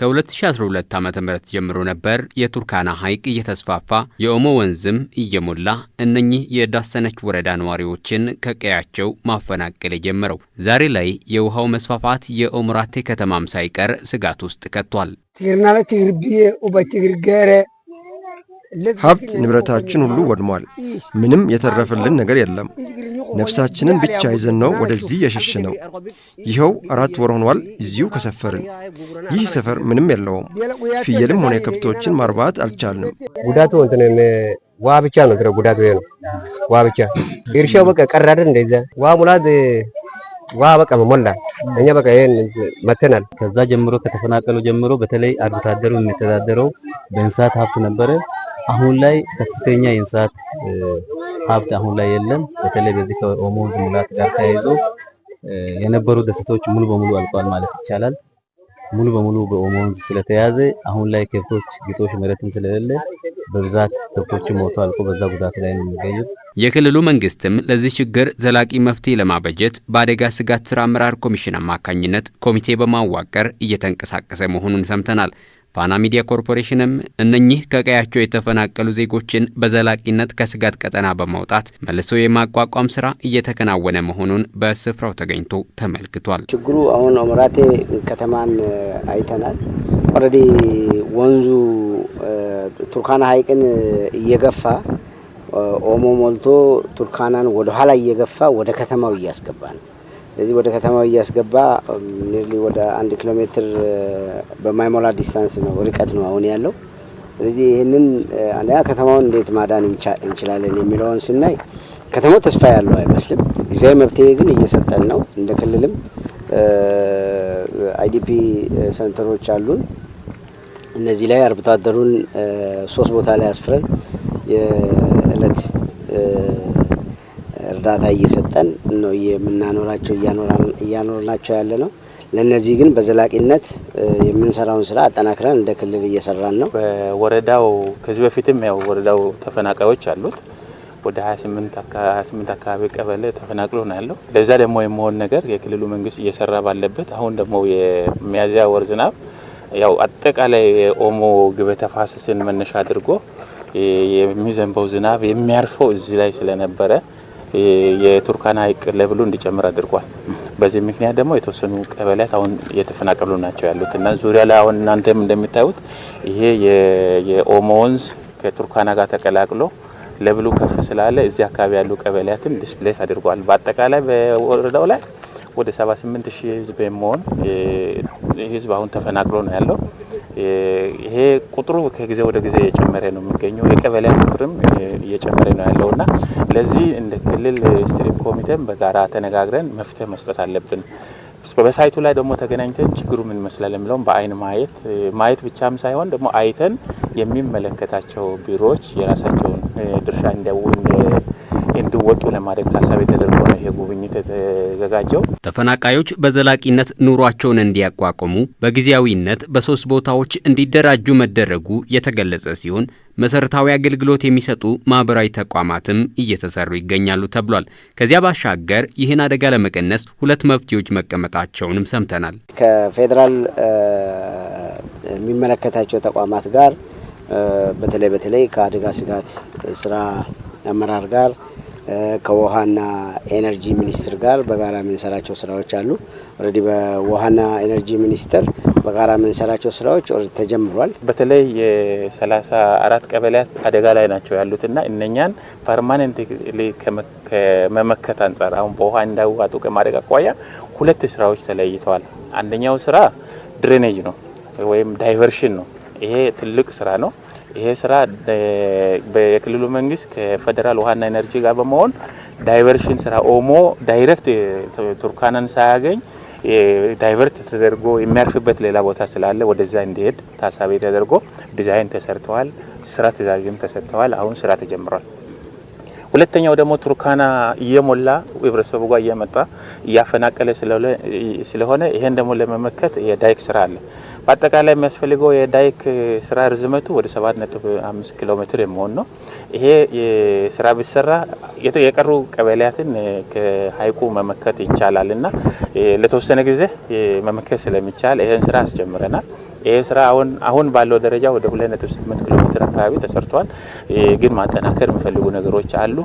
ከ2012 ዓ ም ጀምሮ ነበር የቱርካና ሐይቅ እየተስፋፋ የኦሞ ወንዝም እየሞላ እነኚህ የዳሰነች ወረዳ ነዋሪዎችን ከቀያቸው ማፈናቀል የጀመረው። ዛሬ ላይ የውሃው መስፋፋት የኦሞራቴ ከተማም ሳይቀር ስጋት ውስጥ ከቷል። ሀብት ንብረታችን ሁሉ ወድሟል። ምንም የተረፈልን ነገር የለም። ነፍሳችንን ብቻ ይዘን ነው ወደዚህ የሸሸ ነው። ይኸው አራት ወር ሆኗል እዚሁ ከሰፈርን። ይህ ሰፈር ምንም የለውም። ፍየልም ሆነ ከብቶችን ማርባት አልቻልንም። ጉዳቱ እንትን ዋ ብቻ ነው ጉዳቱ ነው ዋ ብቻ እርሻው በቃ ቀረ አይደል? ዋ ሙላት ዋ በቃ መሞላ እኛ በቃ ይሄን መተናል። ከዛ ጀምሮ ከተፈናቀሉ ጀምሮ በተለይ አርብቶ አደሩ የሚተዳደረው በእንስሳት ሀብት ነበረ። አሁን ላይ ከፍተኛ የእንስሳት ሀብት አሁን ላይ የለም። በተለይ በዚህ ከኦሞ ወንዝ ሙላት ጋር ተያይዞ የነበሩ ደሴቶች ሙሉ በሙሉ አልቋል ማለት ይቻላል። ሙሉ በሙሉ በኦሞ ወንዝ ስለተያዘ አሁን ላይ ከብቶች ግጦሽ መሬትም ስለሌለ በብዛት ከብቶች ሞቶ አልቆ በዛ ጉዳት ላይ ነው የሚገኙት። የክልሉ መንግስትም ለዚህ ችግር ዘላቂ መፍትሄ ለማበጀት በአደጋ ስጋት ስራ አመራር ኮሚሽን አማካኝነት ኮሚቴ በማዋቀር እየተንቀሳቀሰ መሆኑን ሰምተናል። ፋና ሚዲያ ኮርፖሬሽንም እነኚህ ከቀያቸው የተፈናቀሉ ዜጎችን በዘላቂነት ከስጋት ቀጠና በማውጣት መልሶ የማቋቋም ስራ እየተከናወነ መሆኑን በስፍራው ተገኝቶ ተመልክቷል። ችግሩ አሁን ኦምራቴ ከተማን አይተናል። ኦልሬዲ ወንዙ ቱርካና ሀይቅን እየገፋ ኦሞ ሞልቶ ቱርካናን ወደኋላ እየገፋ ወደ ከተማው እያስገባ ነው። እዚህ ወደ ከተማው እያስገባ ኒርሊ ወደ አንድ ኪሎ ሜትር በማይሞላ ዲስታንስ ነው ርቀት ነው አሁን ያለው። ስለዚህ ይህንን አንደኛ ከተማውን እንዴት ማዳን እንችላለን የሚለውን ስናይ ከተማው ተስፋ ያለው አይመስልም። ጊዜያዊ መፍትሄ ግን እየሰጠን ነው። እንደ ክልልም አይዲፒ ሴንተሮች አሉን። እነዚህ ላይ አርብቶ አደሩን ሶስት ቦታ ላይ አስፍረን የእለት እርዳታ እየሰጠን ነው የምናኖራቸው እያኖርናቸው ያለ ነው። ለእነዚህ ግን በዘላቂነት የምንሰራውን ስራ አጠናክረን እንደ ክልል እየሰራን ነው። ወረዳው ከዚህ በፊትም ያው ወረዳው ተፈናቃዮች አሉት ወደ 28 አካባቢ ቀበሌ ተፈናቅሎ ነው ያለው። ለዛ ደግሞ የመሆን ነገር የክልሉ መንግስት እየሰራ ባለበት አሁን ደግሞ የሚያዝያ ወር ዝናብ ያው አጠቃላይ የኦሞ ግቤ ተፋሰስን መነሻ አድርጎ የሚዘንበው ዝናብ የሚያርፈው እዚህ ላይ ስለነበረ የቱርካና ሀይቅ ለብሉ እንዲጨምር አድርጓል። በዚህ ምክንያት ደግሞ የተወሰኑ ቀበሌያት አሁን የተፈናቀሉ ናቸው ያሉት እና ዙሪያ ላይ አሁን እናንተም እንደሚታዩት ይሄ የኦሞ ወንዝ ከቱርካና ጋር ተቀላቅሎ ለብሉ ከፍ ስላለ እዚህ አካባቢ ያሉ ቀበሌያትን ዲስፕሌስ አድርጓል። በአጠቃላይ በወረዳው ላይ ወደ 78 ሺህ ህዝብ የሚሆን ህዝብ አሁን ተፈናቅሎ ነው ያለው። ይሄ ቁጥሩ ከጊዜ ወደ ጊዜ እየጨመረ ነው የሚገኘው። የቀበሌያት ቁጥርም እየጨመረ ነው ያለው እና ለዚህ እንደ ክልል ስትሪንግ ኮሚቴም በጋራ ተነጋግረን መፍትሄ መስጠት አለብን። በሳይቱ ላይ ደግሞ ተገናኝተን ችግሩ ምን ይመስላል የሚለውም በአይን ማየት ማየት ብቻም ሳይሆን ደግሞ አይተን የሚመለከታቸው ቢሮዎች የራሳቸውን ድርሻ እንዲያው እንዲወጡ ለማድረግ ታሳቢ ተደርጎ ነው ይሄ ጉብኝት የተዘጋጀው። ተፈናቃዮች በዘላቂነት ኑሯቸውን እንዲያቋቁሙ በጊዜያዊነት በሶስት ቦታዎች እንዲደራጁ መደረጉ የተገለጸ ሲሆን መሰረታዊ አገልግሎት የሚሰጡ ማህበራዊ ተቋማትም እየተሰሩ ይገኛሉ ተብሏል። ከዚያ ባሻገር ይህን አደጋ ለመቀነስ ሁለት መፍትሄዎች መቀመጣቸውንም ሰምተናል። ከፌዴራል የሚመለከታቸው ተቋማት ጋር በተለይ በተለይ ከአደጋ ስጋት ስራ አመራር ጋር ከውሃና ኤነርጂ ሚኒስቴር ጋር በጋራ የምንሰራቸው ስራዎች አሉ። ኦልሬዲ በውሃና ኤነርጂ ሚኒስቴር በጋራ የምንሰራቸው ስራዎች ተጀምሯል። በተለይ የሰላሳ አራት ቀበሌያት አደጋ ላይ ናቸው ያሉትና እነኛን ፐርማኔንት ከመመከት አንጻር አሁን በውሃ እንዳዋጡ ከማድረግ አኳያ ሁለት ስራዎች ተለይተዋል። አንደኛው ስራ ድሬኔጅ ነው ወይም ዳይቨርሽን ነው። ይሄ ትልቅ ስራ ነው። ይሄ ስራ የክልሉ መንግስት ከፌዴራል ውሃና ኤነርጂ ጋር በመሆን ዳይቨርሽን ስራ ኦሞ ዳይሬክት ቱርካናን ሳያገኝ ዳይቨርት ተደርጎ የሚያርፍበት ሌላ ቦታ ስላለ ወደዛ እንዲሄድ ታሳቢ ተደርጎ ዲዛይን ተሰርተዋል። ስራ ትእዛዝም ተሰጥተዋል። አሁን ስራ ተጀምሯል። ሁለተኛው ደግሞ ቱርካና እየሞላ ህብረተሰቡ ጋር እየመጣ እያፈናቀለ ስለሆነ ይሄን ደግሞ ለመመከት የዳይክ ስራ አለ። በአጠቃላይ የሚያስፈልገው የዳይክ ስራ ርዝመቱ ወደ 7.5 ኪሎ ሜትር የሚሆን ነው። ይሄ ስራ ቢሰራ የቀሩ ቀበሌያትን ከሀይቁ መመከት ይቻላል እና ለተወሰነ ጊዜ መመከት ስለሚቻል ይህን ስራ አስጀምረናል። ይህ ስራ አሁን አሁን ባለው ደረጃ ወደ 2.8 ኪሎ ሜትር አካባቢ ተሰርቷል፣ ግን ማጠናከር የሚፈልጉ ነገሮች አሉ።